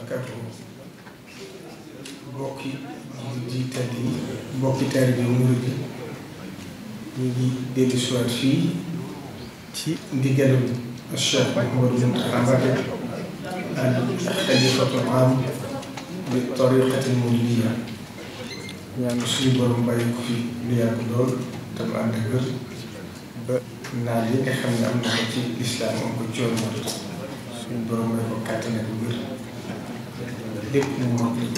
barakatuh mbokki di tedd yi mbokki tari bi murid bi ñu ngi dellu siwaat fii ci ndigalul Cheikh Mouhamadou Mountakha Mbacké al xalifatul aam li borom bàyyi ko fi lu yàgg lool te ànd ak ba naan yi xam ne am na ko ci lislaam am ko ci yoonu murid borom may ko kàttan ak wér lépp mu mottali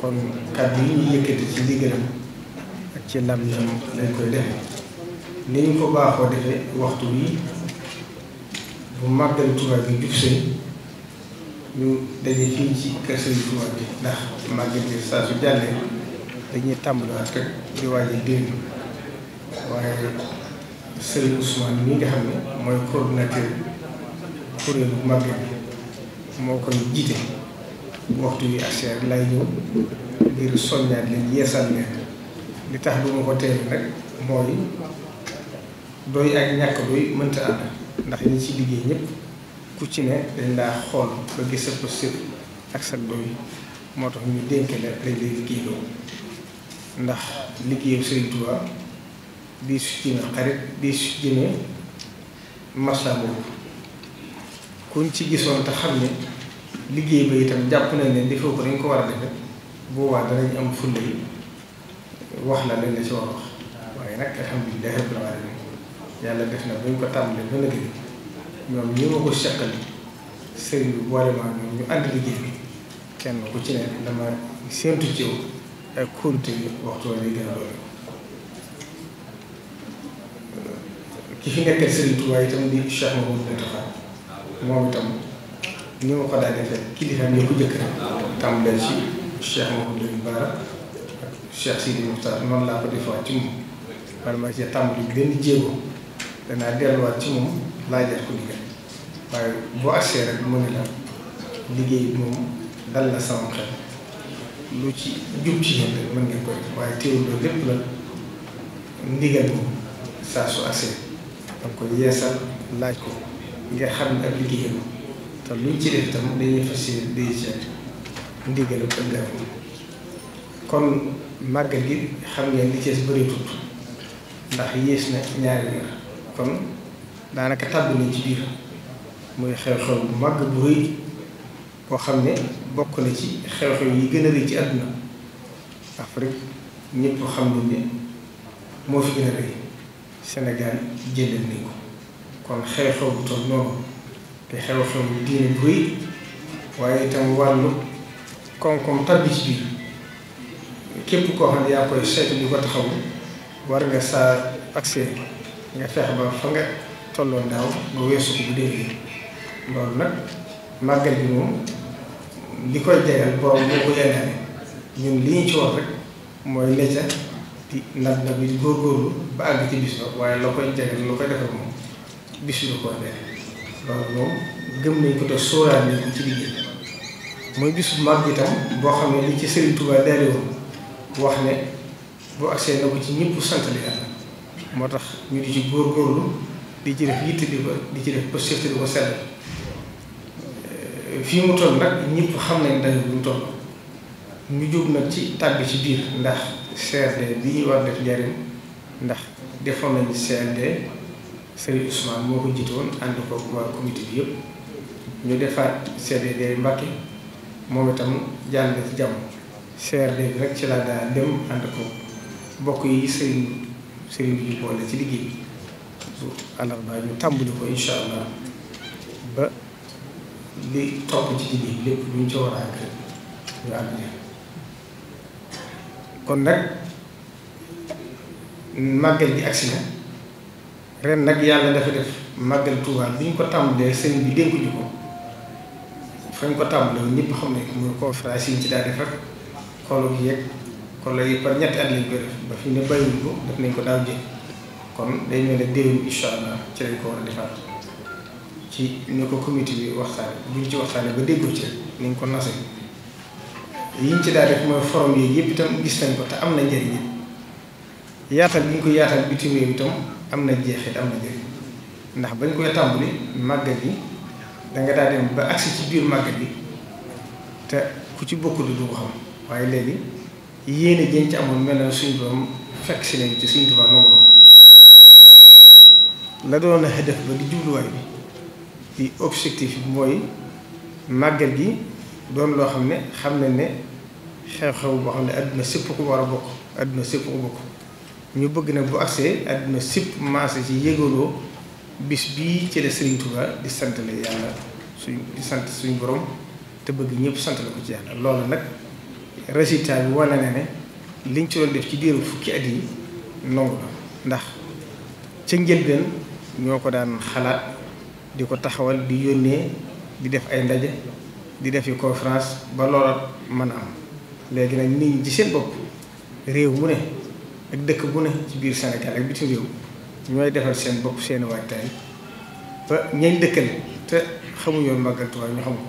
kon kàddu yi ñu yëkkati ci liggéeyam ak ci lam lañ koy defe ni ñu ko baaxoo defee waxtu wi bu màggal Tuuba bi jub see ñu daje ci kër Sëriñ Tuuba bi ndax màggal bi saa su jàllee dañuy tàmbaliwaat rek di waaj a déglu waaye Sëriñ Ousmane mi nga xam ne mooy coordinateur kuréelu màggal moo koy jiite. bu waxtu wi ak seer lay ñëw ngir soññaat leen yeesal leen li tax du ma ko teel rek mooy doy ak ñàkk doy mënta ànd ndax ñi ci liggéey ñëpp ku ci ne dañ laa xool fa gis sa posture ak sa doy moo tax ñu dénk la dañ lay liggéey loolu ndax liggéeyu Serigne Touba di su jëme xarit di su jëme masla boobu kuñ ci gisoon te xam ne liggéey ba itam jàpp nañ ne defoo ko dañ ko war a defe boobaa danañ am fulla yi wax la lañ la ci war a wax waaye nag alhamdulilah yàlla def na ko tàmbalee ba nag ñoom ko seqal sëriñ bi boolema ñoom ñu ànd liggéey bi kenn ku ci ne dama séentu ci yow ak kóolute bi waxtu wala yi ki fi nekkal sëriñ waaye itam di Cheikh Mouhamadou Moustapha moom itam. ni ma ko daan defee kilifa ñoo ko jëkk rek tàmbalee si Cheikh Mouhamadou Bara ak Cheikh Sidi Mokhtar noonu laa ko defewaat ci moom man ma ci tàmbali delluwaat ci moom laajaat waaye boo agsee rek mu ne la liggéey bi moom dal na sama xel lu ci jub ci yéen rek mën ngeen waaye teewul loolu lépp la ndigal moom saa su agsee danga koy yeesal laaj ko nga xam ne ak liggéeyam te luñ ci def tam dañuy fas yéene day seet ndigal kon màggal gi xam ngeen li cees bëreetut ndax yées na ñaari weer kon daanaka tàbbi nañ ci biir muy xew-xew bu màgg bu rëy boo xam ne bokk na ci xew-xew yi gën a rëy ci àdduna Afrique ñépp xam nañ ne moo fi gën a rëy Sénégal jëlal nañ ko kon xew-xew bu toll noonu. te xew-xew diine bu rëy waaye itam wàllu koom-koom tabis bi képp koo xam yaa koy seetu di ko taxawu war nga saa accès nga feex ba fa nga tolloo ndaaw nga weesu ko bu déggee loolu nag màggal bi moom li koy jagal borom boo ko yàggalee ñun li ñu ci wax rek mooy lecca di nag nag bi góorgóorlu ba àgg ci ba waaye loo koy jagal loo koy defal moom bis bi ko loolu moom gëm nañ ko te sóoraal nañ ko ci liggéey mooy bisu mag itam boo xam ne li ci Serigne Touba daali woon wax ne bu agsee na ko ci ñëpp santale yàlla moo tax ñu di ci góorlu di ci def yitte di ko di ci def positif di ko sell euh, fii mu toll nag ñëpp xam nañ dayo bu mu toll ñu jóg nag ci tàbbi ci biir ndax CRD bi ñuy war def njariñ ndax defoon nañu CRD Serigne Ousmane moo ko jiite woon ànd ko mooy comité bi yëpp ñu defaat CDD Mbacke moom itam jàll na ci jàmm CRD bi rek ci laa daa dem ànd ko bokk yi Serigne Serigne bi ñu boole ci liggéey bi ñu tàmbali ko incha allah ba li topp ci liggéey bi lépp lu ñu ci war a àgg ñu àgg kon nag màggal gi agsi na ren nag yàlla dafa def màggal Touba bi ñu ko tàmbalee sëñ bi dénku ko fañ ko xam ne mooy yi ñu ci daal def ak colloque yeeg colloque par ñetti at lañ koy def ba fi ko def nañ ko daaw jéem kon day mel ne déwén ko war a defaat ci ni ko ñu ci ba déggoo ci nañ ko nase yi ñu ci daal def mooy forom yooyu yëpp itam gis nañ ko te am na njëriñ yaatal bi ñu ko yaatal bitim réew itam. am na jeexit am na njëriñ ndax bañ koy tàmbali màggal yi danga daa dem ba agsi ci biir màggal yi te ku ci bokk di ko xam waaye léegi yéene jën ci amoon mel na suñu borom fekk si leen ci suñu tubaab nangu ndax la doon a def ba di jubluwaay bi gi doon loo xam ne xam nañ ne xew-xew boo xam ne àdduna sëpp ku war a bokk àdduna sépp ko bokk ñu bëgg nag bu agsee àdduna sipp maase ci yëgaloo bis bii ci la Serigne Touba di sant la yàlla suñ di sant suñ borom te bëgg ñëpp sant la ko ci yàlla loolu nag résultat bi wane na ne liñ ci doon def ci diiru fukki at yi nangu la ndax ca njëlbeen ñoo ko daan xalaat di ko taxawal di yónnee di def ay ndaje di def yu conférence ba loola mën a am léegi nag nit ñi ci seen bopp réew mu ne ak dëkk bu ne ci biir Sénégal ak bitim réew ñooy defal seen bopp seeni waajtaay ba ñañ dëkkal te xamuñoon màggal Tuubaa ñu xam ko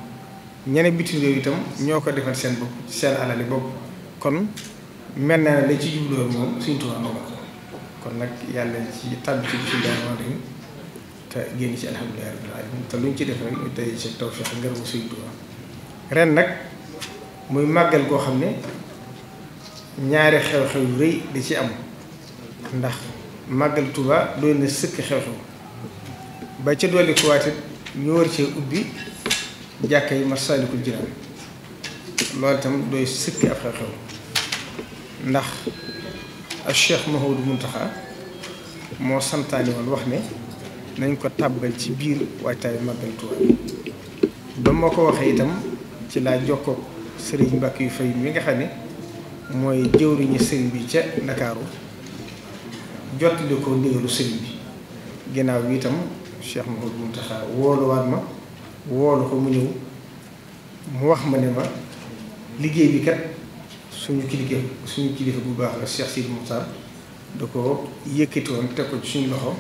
ñeneen bitim réew itam ñoo ko defal seen bopp seen alali bopp kon mel na ne ci jubluwoon moom suñu Tuubaa moom kon nag yàlla ci tàbbi ci bisimilah ma leen ci alhamdulilah luñ ci def rek ñu tey ci ren nag muy màggal koo xam ne. ñaari xew-xew rëy di ci am ndax màggal Tuuba doy na sëkk xew-xew ba ca dolli ñu war cee ubbi jàkk yi Masaalikul Jinaan loolu itam doy sëkk ab xew-xew ndax ak Cheikh Mouhamadou Mountakha moo santaane woon wax ne nañ ko tàbbal ci biir waajtaayu màggal Tuuba ba ma ko waxee itam ci laa jokkoo Sëriñ Mbàkke yu fay mi nga xam ne mooy jëwriñu sëriñ bi ca ndakaaru jottali ko ndigalu sëriñ bi ginnaaw bi itam Cheikh Mouhamadou Mountakha wooluwaat ma woolu ko mu ñëw mu wax ma ne ma liggéey bi kat suñu kilifa suñu kilifa bu baax la Cheikh Sidi Moukhtar da ko yëkkatiwoon teg ko ci suñu loxo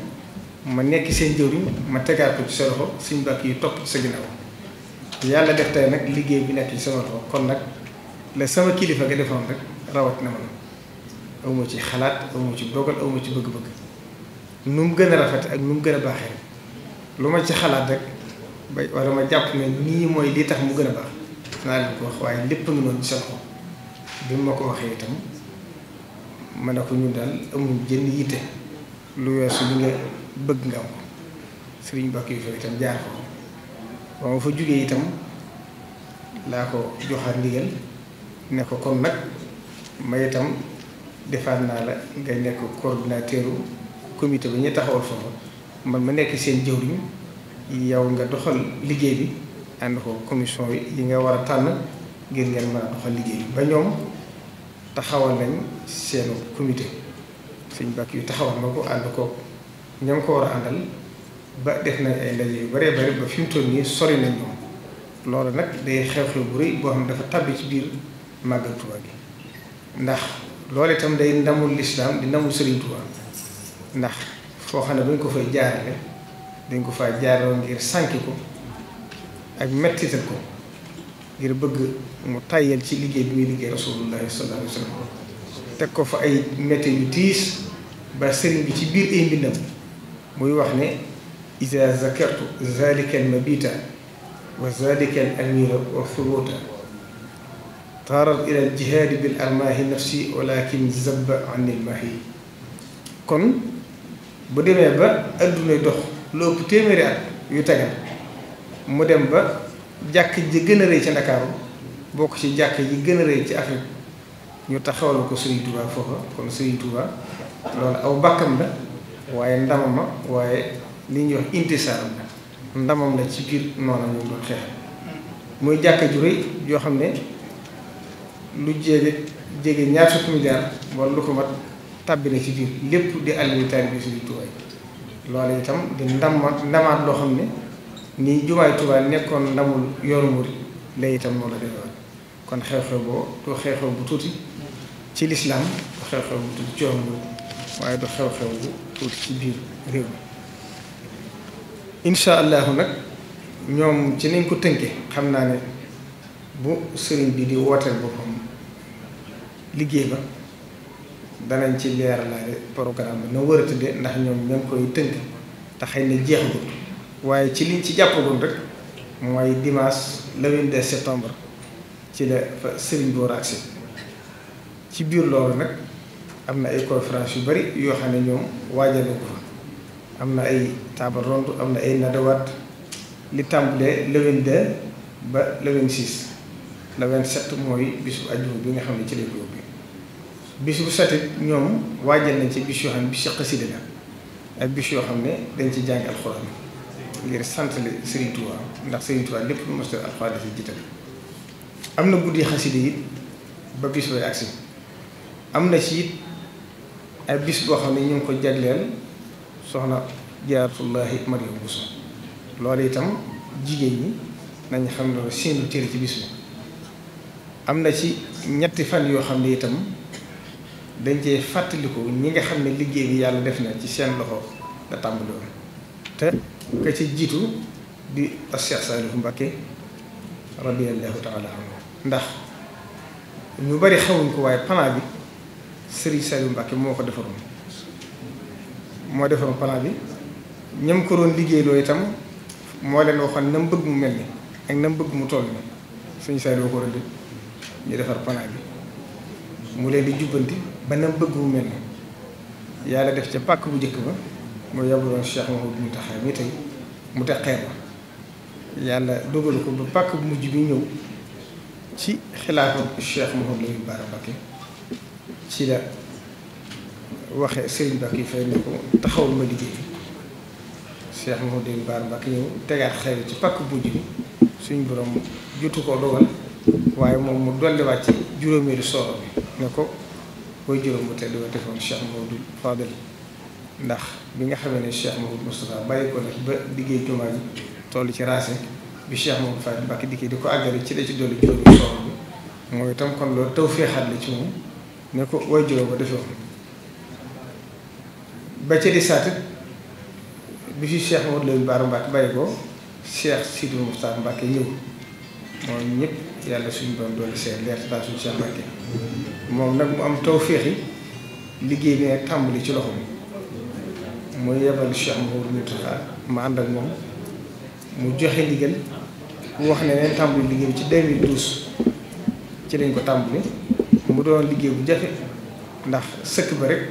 ma nekk seen jëwriñ ma tegaat ko ci sa loxo suñu bàkk yi topp ci sa ginnaaw yàlla def tey nag liggéey bi nekk ci sama loxo kon nag la sama kilifa nga defoon rek rawat na man awma ci xalaat awma ci dogal awma ci bëgg-bëgg nu mu gën a rafet ak nu mu gën a baaxee lu ma ci xalaat rek ba wala ma jàpp ne nii mooy li tax mu gën a baax naa leen ko wax waaye lépp nga noonu solo ko bi ma ko waxee itam ma ne ko ñu daal amul jënd yitte lu weesu li nga bëgg nga am ko sëriñ bàkk yu fa itam jaar ko ba ma fa jugee itam laa ko joxaat ndigal ne ko kon nag ma itam defaat naa la nga nekk coordinateur comité bi ñu taxawal foofu man ma nekk seen jëwriñ yow nga doxal liggéey bi ànd ko commission yi nga war a tànn ngir ngeen mën doxal liggéey bi ba ñoom taxawal nañ seenu comité suñ bàkk yu taxawal na ko ànd ko ña ko war a àndal ba def nañ ay ndaje yu baree ba fi mu toll nii sori nañ ñoom loolu nag day xew-xew bu rëy boo xam dafa tàbbi ci biir màggal Tuubaa gi ndax lool itam day ndamul lislaam di ndamul Sëriñ Tuubaa ndax foo xam ne buñ ko fay jaarale dañ ko faa jaaroo ngir sànki ko ak mettital ko ngir bëgg mu tàyyal ci liggéey bi muy liggéey rasulullahi sallallahu alayhi wa teg ko fa ay metti yu tiis ba sëriñ bi ci biir ay mbindam muy wax ne ida zakartu zalika almabita wa zalika ak amira wa furuta taaral ilal jihaadi bil almaahi nafsi walakin zabba anil maahi kon bu demee ba addunay dox lu ëpp téeméeri at yu tegal mu dem ba jàkk ji gën a rëy ci ndakaaru bokk ci jàkk ji gën a rëy ci Afrique ñu taxawal ko Serigne Touba foofa kon Serigne Touba loolu aw bàkkam la waaye ndamam ma waaye li ñuy wax intisaaram la ndamam la ci biir noonu ñu muy jàkk ju rëy joo xam ne lu jéege jege ñaar fukki milliards wala lu ko mat tàbbi na ci biir lépp di àll bi taalibe Sëriñ Tuubaa loolu itam di ndamaat ndamaat loo xam ne ni jumaay Tuubaa nekkoon ndamul yoonu murid la itam moo la defewaat kon xew-xew boo du xew-xew bu tuuti ci lislaam du xew-xew bu tuuti ci yoonu murid réew mi incha allahu nag ñoom ci nañ ko tënke xam naa ne bu sëriñ bi di wooteel boppam liggéey ba danañ ci leeralaale programme bi na wër a tëddee ndax ñoom ñoo ngi koy tënk te xëy na jeex jeexagul waaye ci liñ ci jàppagoon rek mooy dimanche le 22 septembre ci la fa Serigne Boor agsi ci biir loolu nag am na ay conférence yu bari yoo xam ne ñoom waajal fa am na ay table ronde am na ay nadawaat li tàmbalee le 22 ba le 26 le 27 mooy bisu ajjuma bi nga xam ne ci lañ ko yóbbu bis bu set ñoom waajal nañ ci bis yoo xam ne bis ak bis yoo xam ne dañ ci jàng alxuraan ngir sant la Serigne Touba ndax Serigne Touba lépp lu mos a alxuraan dafa jiital am na guddi xasida it ba bis bay agsi am na ci it ay bis boo xam ne ñu ngi ko jagleel soxna Jaaratullaahi Mariam Bousso loolu itam jigéen ñi nañ xam ne seenu cër ci bis bi. am na ci ñetti fan yoo xam ne itam dañ cee fàttaliku ñi nga xam ne liggéey yàlla def na ci seen loxo la tàmbali woon te ka ci jiitu di Cheikh Saliou Mbacké radiyallahu taala anhu ndax ñu bari xawuñ ko waaye plan bi Serigne Saliou Mbacké moo ko defaroon moo defaroon plan bi ñam ko doon liggéey loo itam moo leen waxoon na mu mu mel ni ak ko ñu defar plan bi mu leen di jubbanti ba bëgg mu mel na yàlla def ca pàkk bu njëkk ba mu yabaloon Cheikh Mahmoud Mountakha mi tey mu mujj bi ñëw ci xilaatam Cheikh Mahmoud Lamine Bara Mbacké ci la ma liggéey Cheikh Mahmoud Lamine tegaat xeer ci pàkk bu mujj bi suñ borom jotu koo dogal waaye moom mu dolliwaat ci juróomeelu sooro bi ne ko booy juróom bu tedd ba defoon Cheikh Mouhamadoul Fadel ndax bi nga xamee ne Cheikh Mouhamadoul Moustapha bàyyi ko nag ba ci raase bi Cheikh Mouhamadoul Fadel Mbacké dikkee di ko àggale ci la ci dolli juróomeelu sooro bi mooy itam kon loolu taw féexaat la ci moom ne ko booy juróom ba defee ba ca di saatit bi fi Cheikh Mouhamadoul Lamine Bara Mbacké bàyyi ko Cheikh Sidou Moustapha Mbacké ñëw moom ñëpp yàlla suñu doon doon seen leer daa suñu seen Mbàkke moom nag mu am tawféex yi liggéey bi nag tàmbali ci loxo bi mooy yebal Cheikh Mouhamadou Mountakha ma ànd ak moom mu joxe ndigal mu wax ne neen tàmbali liggéey ci 2012 ci lañ ko tàmbali mu doon liggéey bu jafe ndax sëkk ba rek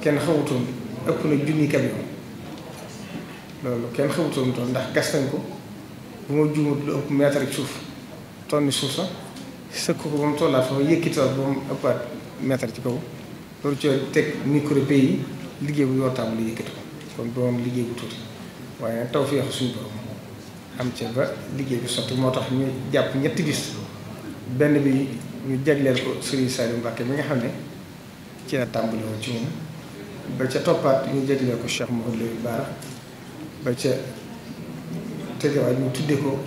kenn xawutoon ëpp na junni camion loolu kenn xawutoon toon ndax gas nañ ko bu ma juumut lu ëpp mètre ak suuf tonni suuf sa sëkk ko ba mu tollaat foofu yëkkitool ba mu ëppaat mètre ci kaw loolu ci teg micro pays yi liggéey bu yortaabu la yëkkati ko kon doom liggéey bu tuuti waaye nag taw fi yax suñu borom am ca ba liggéey bi sotti moo tax ñu jàpp ñetti bis benn bi ñu jagleel ko Serigne Saliou Mbacké bi nga xam ne ci la ba ca toppaat ñu jagleel ko Cheikh Mouhamadou Bara ba ca tegewaay ñu tuddee ko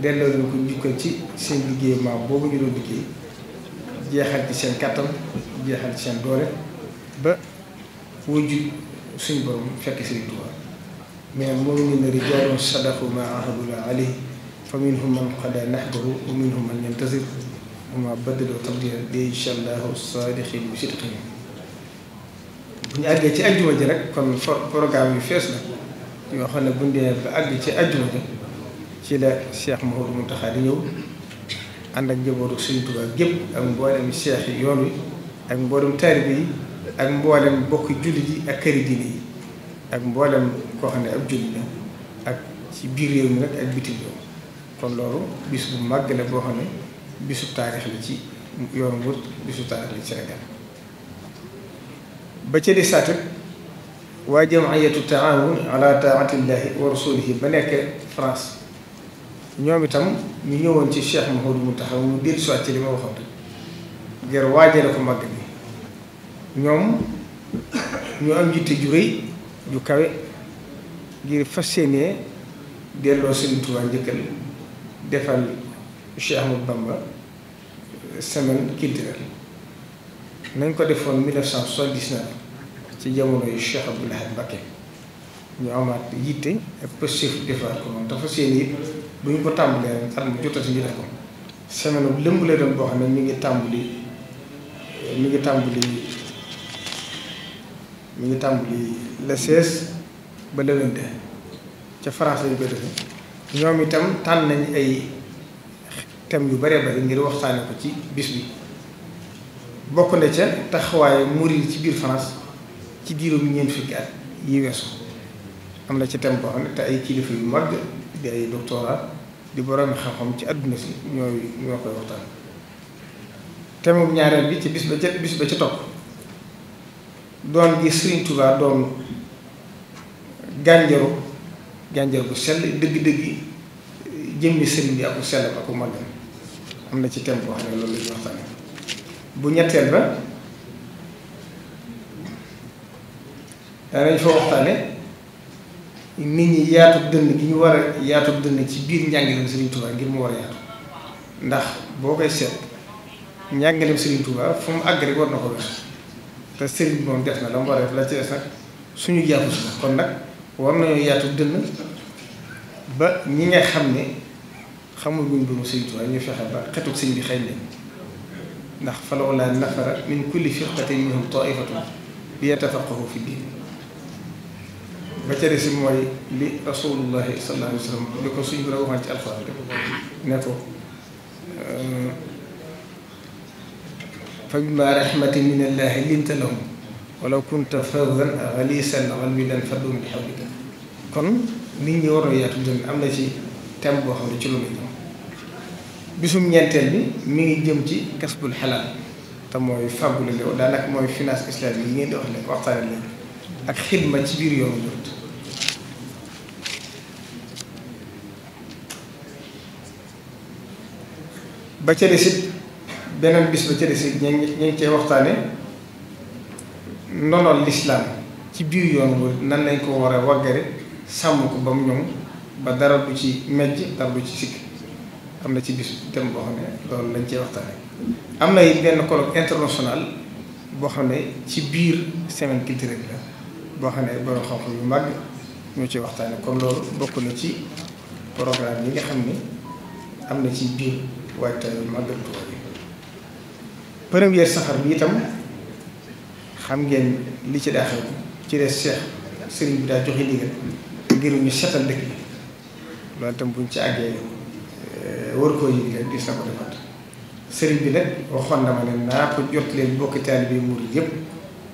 delloo ñu ko jukkal ci seen liggéey maam boobu ñu doon liggéey jeexal ci seen kàttan jeexal ci seen doole ba wujju suñ borom fekk Sëriñ Tuubaa mais mu'minina rijaalun sadaqu maa ahadullah alayhi fa minhum man qadaa nahbahu wa minhum man yantazir wa maa baddaloo tabdiilaa de inshaa Allahu saadiqiin bi sidqihim bu ñu àggee ci ajjuma ji rek kon programme yu fees la yoo xam ne bu ñu ba àgg ci ajjuma ji ci la Cheikh Mouhamadou Mountakha di ñëw ànd ak njabootu Sëriñ Tuubaa gépp ak mboolem cheikh yi yoon wi ak mboolem taalibe yi ak mboolem bokki jullit yi ak këri diine yi ak mboolem ko xam ne ab jullit la ak ci biir réew mi nag ak bitim réew kon loolu bis bu màgg la boo xam ne bisu taarix la ci yoonu Murid bisu taarix la ci Sénégal ba ca di saat waa jamiyatu taawun ala taatillahi wa rasulihi ba nekk France ñoom itam ñu ñëwoon ci Cheikh Mouhamadou Mountakha mu dellu si waat ci li ma waxoon rek ngir waajale ko màgg bi ñoom ñu am jiite ju rëy ju kawe ngir fas yéenee delloo Sëriñ Tuubaa njëkkal defal Cheikh Ahmadou Bamba semaine culturelle nañ ko defoon 1979 ci jamono yu Cheikh Abdoul Ahad ñu amaat yitte ak positif defaat ko moom ko tàmbalee rek at mu jotati semaine bu lëmb boo xam ne mi ngi tàmbali mi ngi tàmbali mi ngi tàmbali le 16 ba le 22 ca ñoom itam tànn nañ ay tem yu bare bëri ngir waxtaane ko ci bis bi bokk na ca taxawaayu murid ci biir France ci diiru bi ñeent fukki at yi weesu am na ci thème boo xam ne te ay kilifa yu mag di ay doctorat di borom xam-xam ci àdduna si ñooy ñoo koy waxtaan thème ñaareel bi ci bis ba ci bis ba ca topp doon gi Serigne Touba doon gànjaru gànjar bu sell dëgg-dëgg jëmmi sëriñ bi ak bu sell ak bu mag am na ci thème boo xam ne loolu la ñuy bu ñetteel ba danañ fa waxtaanee. nit ñi yaatu dënn gi ñu war a yaatu dënn ci biir njàngaleem Serigne Touba ngir mu war a yaatu ndax boo koy seet njàngaleem Serigne Touba mu àgg war na ko wér te Serigne bi na la mu war nag suñu jàpp si kon nag war nañoo yaatu dënn ba ñi nga xam ne xamul buñ bumu Serigne Touba ñu fexe ba xetuk sëñ bi xëy leen ndax falawlaa nafara min kulli firqatin minhum te li yatafaqqahu fi diin ba ca des mooy li rasulullahi sallallahu alayhi wa sallam li ko suñu borom waxoon ci alxuraan ne ko fa bima rahmatin min allahi linta lahum walaw kunta fazzan ghaliizal qalbi lanfaddu min hawlika kon nit ñi war na am na ci thème boo xam ne ci lu muy bisum ñeenteel bi mi ngi jëm ci kasbul xalaal te mooy fàggule leew daanaka mooy finance islamique yi ngeen di wax ne waxtaane léegi ak xidma ci biir yoonu murit ba ca desit beneen bis ba ca desit ñu ngi ñu ngi cee waxtaane nonol lislaam ci biir yoon murit nan lañ ko war a waggare sàmm ko ba mu ñoom ba dara du ci mejj dara du ci sikk am na ci bis dem boo xam ne loolu lañ cee waxtaane am na it benn colloque international boo xam ne ci biir semaine culturelle la boo xam ne borom xam-xam yu mag ñoo ci waxtaane comme loolu bokk na ci programme yi nga xam ni am na ci biir waajtaayu màggal Tuubaa bi première safar xam ngeen li ci daa xew ci des Cheikh sëriñ bi ñu buñ ci àggee euh, war koo yëg rek gis na ko defaat sëriñ bi nag waxoon na ma ne naa ko jot leen bokk taalibe murid yëpp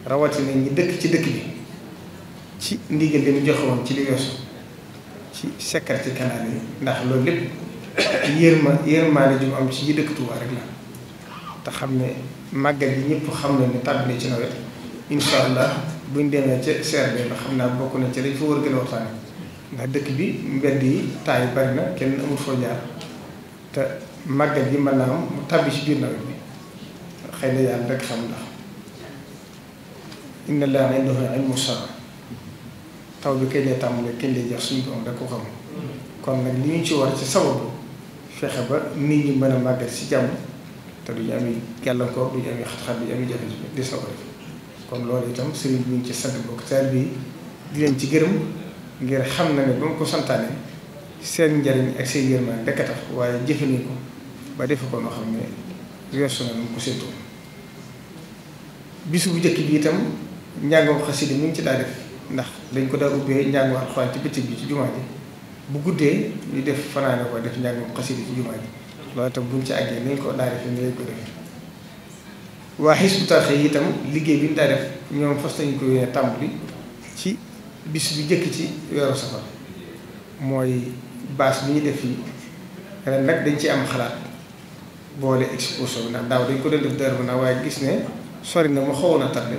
rawatina ñi dëkk ci dëkk bi ci ndigal li mu joxe ci li weesu ci sécurité canal yi ndax loolu lépp yërma yërmaane ju mu am ci yi dëkk Tuubaa rek la te xam ne màggal yi ñëpp xam nañ ne tàbbi ci nawet incha allah buñ demee ca CRD nga xam naa bokk nañ ci dañ fa war gën a waxtaane ndax dëkk bi mbedd yi taay yi bari na kenn amul foo jaar te màggal yi mën naa am mu tàbbi ci biir nawet bi xëy na yàlla rek xam ndax inna allaha indahu ilmu saa taw bi kañ tàmm tàmbalee kañ lay jeex suñu borom rek ko xam kon nag li ñu ci war ci sababu fexe ba nit ñi mën a màggal ci jàmm te duñu am gàllankoor duñu am xat-xat duñu am jafe-jafe di sababu kon loolu itam sëriñ bi ñu ci sant bokk taal bi di leen ci gërëm ngir xam na ne ba mu ko santaane seen njariñ ak seen yërmande rek a tax waaye jëfe nañ ko ba defe ko noo xam ne weesu na nu mu ko séntu bisu bu njëkk bi itam njàngam xasida mi ngi ci daa def. ndax dañ ko daa ubbee njàngu alxuraan ci bëccëg bi ci jumaa ji bu guddee ñu def fanaane ko def njàngum xasida ci jumaa ji loolu itam buñ ci àggee nañ ko daa defee ñu itam liggéey bi ñu daa def ñoom fas nañ ko yéene tàmbali ci bis bu njëkk ci weeru safar mooy baas bi ñu def fii ren nag dañ ci am xalaat boole exposition bi ndax daaw dañ ko doon def dër nag waaye gis ne sori na mu xawoon na tarde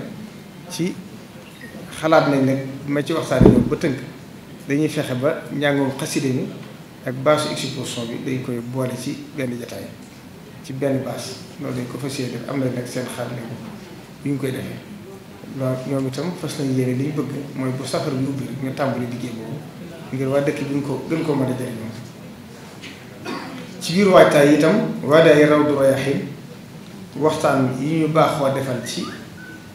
ci xalaat nañ nag ma ci waxtaane moom ba tënk dañuy fexe ba njàngoom xaside mi ak baasu exposition bi dañ koy boole ci benn jataay ci benn baas loolu dañ ko fas yéene def am na nag seen xaar ne bu ñu koy defee loolu ñoom itam fas nañ yéene bëgg mooy bu safar ñu tàmbali liggéey boobu ngir waa dëkk bi ñu ko gën koo mën a ci biir waajtaay itam waa day raw du rayaxin waxtaan yi ñu baaxoo defal ci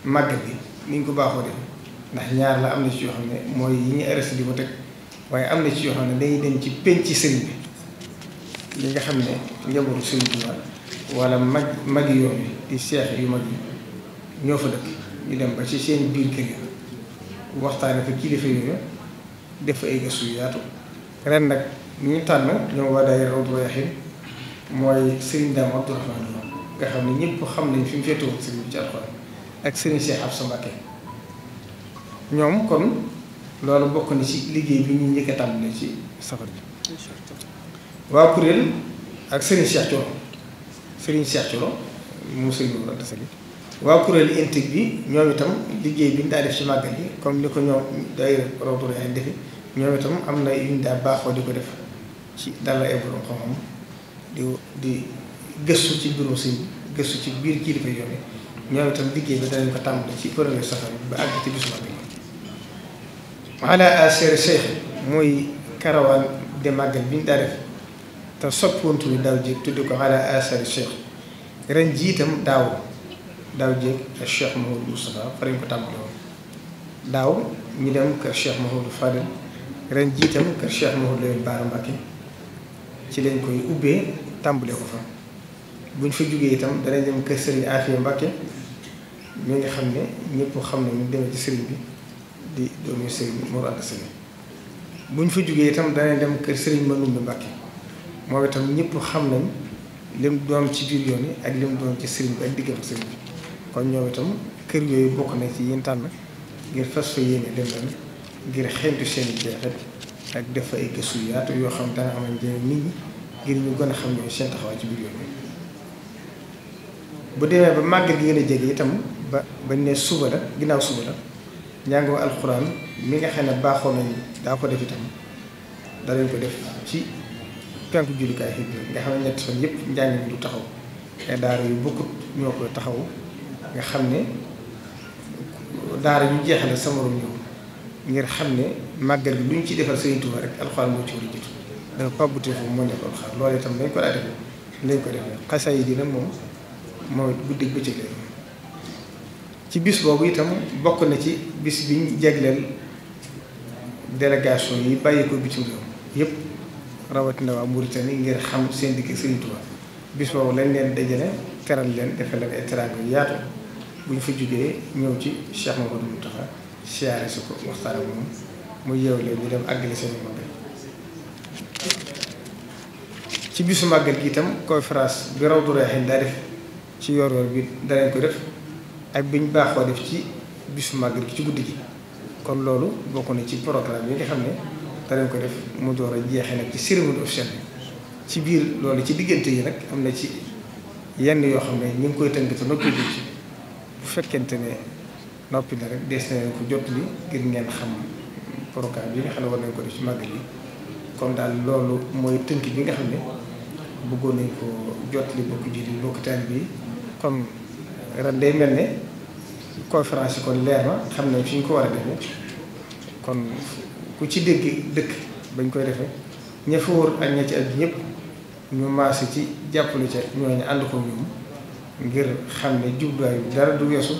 màgg bi ni ñu ko baaxoo defal ndax ñaar la am na ci yoo xam ne mooy yi ñu arrêté di ko teg waaye am na ci yoo xam ne dañuy dem ci penc sëriñ bi li nga xam ne njabootu sëriñ bi wala mag mag yoon yu mag yi ñoo fa dëkk ñu dem ba ci seen biir kër kilifa yooyu def fa ay gëstu yu yaatu ren nag ñu tànn ñoom waa daayira Rawdu Rayaahiin mooy sëriñ Daam Abdu Rahmaan xam ne ñëpp xam nañ fi mu féetewoon sëriñ bi ak sëriñ ñoom kon loolu bokk na ci liggéey bi ñu njëkk a tàmbali ci safar bi waa kuréel ak Serigne Cheikh Thioro Serigne Cheikh Thioro mu Serigne Mor waa kuréel intig bi ñoom itam liggéey bi ñu daa def ci màggal yi comme ni ko ñoom day rawtur ay defi ñoom itam am na yuñ daa baaxoo di ko def ci dalal ay borom di gëstu ci bureau sëñ gëstu ci biir kilifa yoon yi ñoom itam liggéey bi danañ ko tàmbali ci premier safar bi ba àgg ci bisu màggal yi ala aseri cheikh muy karawaan de màggal bi ñu daa te soppantu bi daaw jéeg tuddi ko ala aseri cheikh jiitam daaw daaw jéeg ak cheikh fa lañ ko tàmbale woon daaw ñu dem kër cheikh Mahoudou Fadel ren jiitam kër cheikh Mahoudou Lamine Bara Mbacké ci lañ koy ubbee tàmbale ko fa buñ fa jógee itam danañ dem kër Serigne Afia Mbacké mi nga xam ne ñëpp xam ne mu demee ci Serigne bi di doomi Serigne Mor Anta Sali buñ fa jógee itam danañ dem kër sëriñ Serigne Manoumbe Mbacke moo itam ñépp xam nañ lim doon ci biir yoon yi ak lim doon ci sëriñ bi ak diggam Serigne bi kon ñoom itam kër yooyu bokk na ci yéen tànn ngir fas fa yéene dem leen ngir xentu seen i jeexit ak def ay gëstu yaatu yoo xam dana am njëriñ nit ñi ngir ñu gën a xam ñoom seen taxawaay ci biir yoon yi bu demee ba màggal gi gën a jege itam ba bañ ne suba la ginnaaw suba la. njàngoo alxuraan mi nga xam ne baaxoo nañu daa ko def itam danañ ko def ci penku jullikaay xëy nga xam ne yëpp njàng mi taxaw te yu bokkut ñoo koy taxaw nga xam ne daara ñu jeexale sama morom ñëw ngir xam ne màggal bi lu ñu ci defal Sëriñ Tuubaa rek alxuraan moo ci war a jiitu dafa pàbbute foofu moo nekk alxuraan loolu itam dañ ko daa def dañ ko def xasaay yi dina moom mooy guddi bëccëg ci bis boobu itam bokk na ci bis bi ñu jagleel délégation yi bàyyi ko bitim réew yëpp rawatina waa Mauritanie ngir xam seen dikk Sëriñ Tuubaa bis boobu lañ leen dajale teral leen defal leen ay teraanga yu bu ñu fi jógee ñëw ci Cheikh Mamadou Moustapha siyaare si ko waxtaan moom mu yeew leen ñu dem àggale seen màggal ci bisu màggal gi itam conférence bi raw du reexin daa def ci yor yor bi danañ ko def ak bi ñu baaxoo def ci bisu màggal ci guddi gi kon loolu bokk na ci programme yi nga xam ne danañ ko def mu door a jeexee nag ci cérémonie officielle bi ci biir loolu ci diggante yi rek am na ci yenn yoo xam ne ñu ngi koy tënk te noppi ci bu fekkente ne noppi na rek des na leen ko jot li ngir ngeen xam programme yi nga xam ne war nañ ko def ci màggal yi kon daal loolu mooy tënk bi nga xam ne bëggoon nañ ko jot li bokk ji di bokk taal bi ren day mel ne conférence yi kon leer na xam ne fi ñu ko war a defee kon ku ci dégg dëkk bañ koy defe ña fa wër ak ña ci ak ñëpp ñu maase ci jàppalu ca ñooñu ànd ko ñoom ngir xam ne jubluwaay bi dara du weesu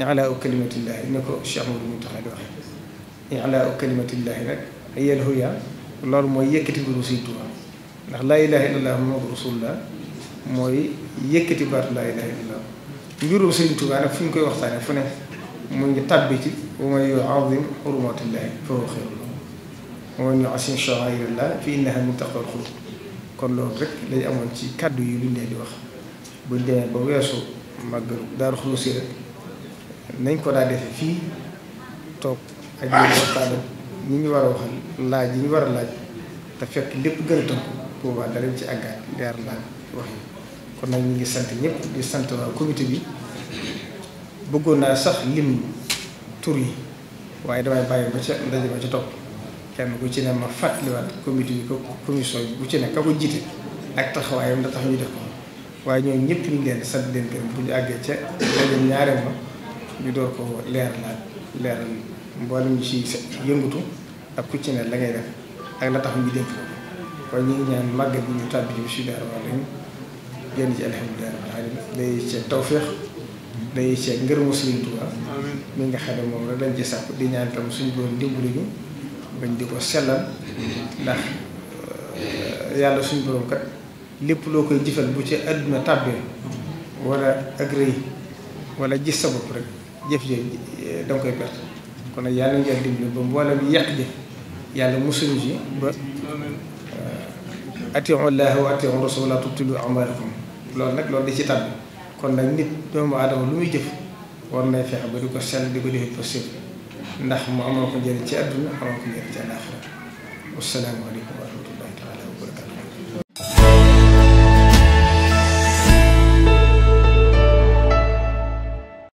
i'laa kalimatillahi ne ko Cheikh Mouhamadou Mountakha di waxee i'laa kalimatillahi nag hiya al loolu mooy yëkkati mbiru Sëñ Tuubaa ndax laa ilaaha illallaah Muhammadu rasuulullaah mooy yëkkati baatu laa ilaaha illallaah mbirum Sëriñ Tuubaa nag fu ñu koy waxtaanee fu ne mu ngi tàbbi ci wa man yu'azzim hurumatullahi fa huwa xayrun lahu wa man yu'azzim sha'aa'irallahi fa innahaa min taqwal quluub kon loolu rek lañ amoon ci kàddu yi luñ leen di wax buñ demee ba weesu màggal Daaru Xudoos rek nañ ko daa defe fii toog ak yéen waxtaan ñi ñu war a waxal laaj yi ñu war a laaj te fekk lépp gën a tënk boobaa darañ ci àggaat leer laaj wax yi kon nag ñu ngi sant ñëpp di sant bi bëggoon naa sax lim tur yi waaye damay bàyyi bu ca ndaje ba ca topp kenn ku ci ne ma fàttaliwaat comité yi ko commission yi bu ci ne ka ko jiite ak taxawaayam da tax ñu def ko waaye ñooñu ñëpp ñu leen sant leen gërëm bu ñu àggee ca ndaje ñaareel ma ñu door ko leer leeralaat leeral mboolem ñu ci yëngutu ak ku ci ne la ngay def ak la tax ñu dénk ko kon ñu ngi ñaan màggal ñu tàbbi ci bisimilah waaleykum génn ci alhamdulilah day ca tawféex. day seet ngërëmu Sëriñ Tuubaa mi nga xam ne moom la dañ ci sàpp di ñaan itam suñu borom dimbali ñu bañ di ko sellal ndax euh, yàlla suñu borom kat lépp loo koy jëfal bu ci àdduna tàbbee wala ak rëy wala gis sa bopp rek jëf jëf euh, danga koy perte kon nag yàlla ngeen dimbali ba mboolem yàq jëf yàlla musuñu ci ba euh, atiiwu llaaha wa atiiwu rasuula laa tubtilu a'maalakum loolu nag loolu di ci tàbbi kon nag nit doomu aadama lu muy jëf war nay feex ba di ko sell di ko defee possible ndax mu amal ko njëriñ ci àdduna amal ko njëriñ ci àllaaxira asalaamaaleykum wa rahmatulah